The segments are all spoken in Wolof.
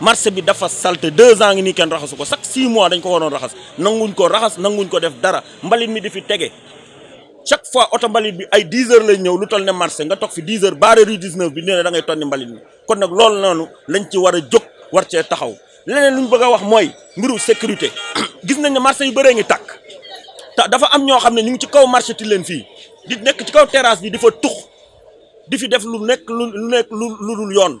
marché bi dafa salte deux ans ngi nii kenn raxasu ko chaque six mois dañ ko waroon raxas nanguñ ko raxas nanguñ ko def dara mbalit mi di fi tege chaque fois oto mbalit bi ay dix heures lay ñëw lu toll ne marché nga toog fi dix heures barre rue dix-neuf bi nee na da ngay tonni mbalit mi kon nag loolu noonu lañ ci war a jóg war cee taxaw leneen lu ñu bëgg a wax mooy mbiru sécurité gis nañ ne marché yu bëree ngi tàkk te dafa am ñoo xam ne ñu ngi ci kaw marché ti leen fii di nekk kaw terrasse bi di fa di fi def lu nekk lu lu dul yoon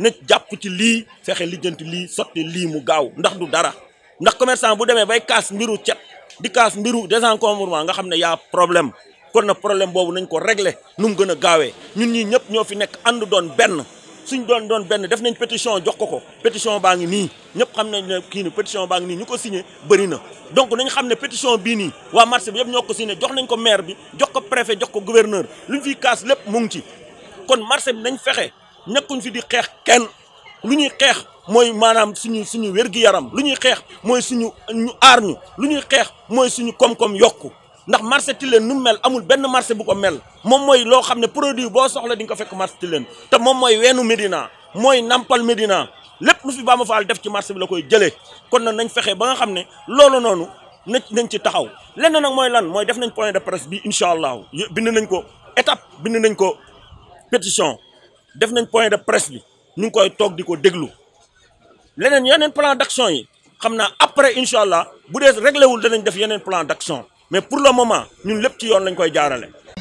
na jàpp ci lii fexe lijjanti lii sotti lii mu gaaw ndax du dara ndax commerçant bu demee bay kaas mbiru cet di kaas mbiru désencombrement nga xam ne yaa problème kon na problème boobu nañ ko régler nu mu gën a gaawee ñun ñii ñëpp ñoo fi nekk ànd doon benn suñ doon doon benn def nañ pétition jox ko ko pétition baa ngi nii ñëpp xam nañ ne kii ni pétition baa ngi nii ñu ko signé bëri donc nañ xam ne pétition bii nii waa marché bi yëpp ñoo ko signé jox nañ ko maire bi jox ko préfet jox ko gouverneur luñ fiy kaas lépp mu ngi ci kon marché bi nañ fexe nekkuñ fi di xeex kenn lu ñuy xeex mooy maanaam suñu suñu wér-gi-yaram lu ñuy xeex mooy suñu ñu aar ñu lu ñuy xeex mooy suñu koom-koom yokku ndax marché Tilène nu mel amul benn marché bu ko mel moom mooy loo xam ne produit boo soxla di nga ko fekk marché Tilène te moom mooy weenu Médina mooy nampal Médina lépp lu fi Bamba Fall def ci marché bi la koy jëlee kon nag nañ fexe ba nga xam ne loolu noonu na nañ ci taxaw lenn nag mooy lan mooy def nañ point de presse bi incha allah bind nañ ko étape bind nañ ko pétition def nañ point de presse bi ñu ngi koy toog di ko déglu leneen yeneen plan d'action yi xam naa après incha allah bu dee réglé wul danañ def yeneen plan d'action mais pour le moment ñun lépp ci yoon lañu koy jaarale.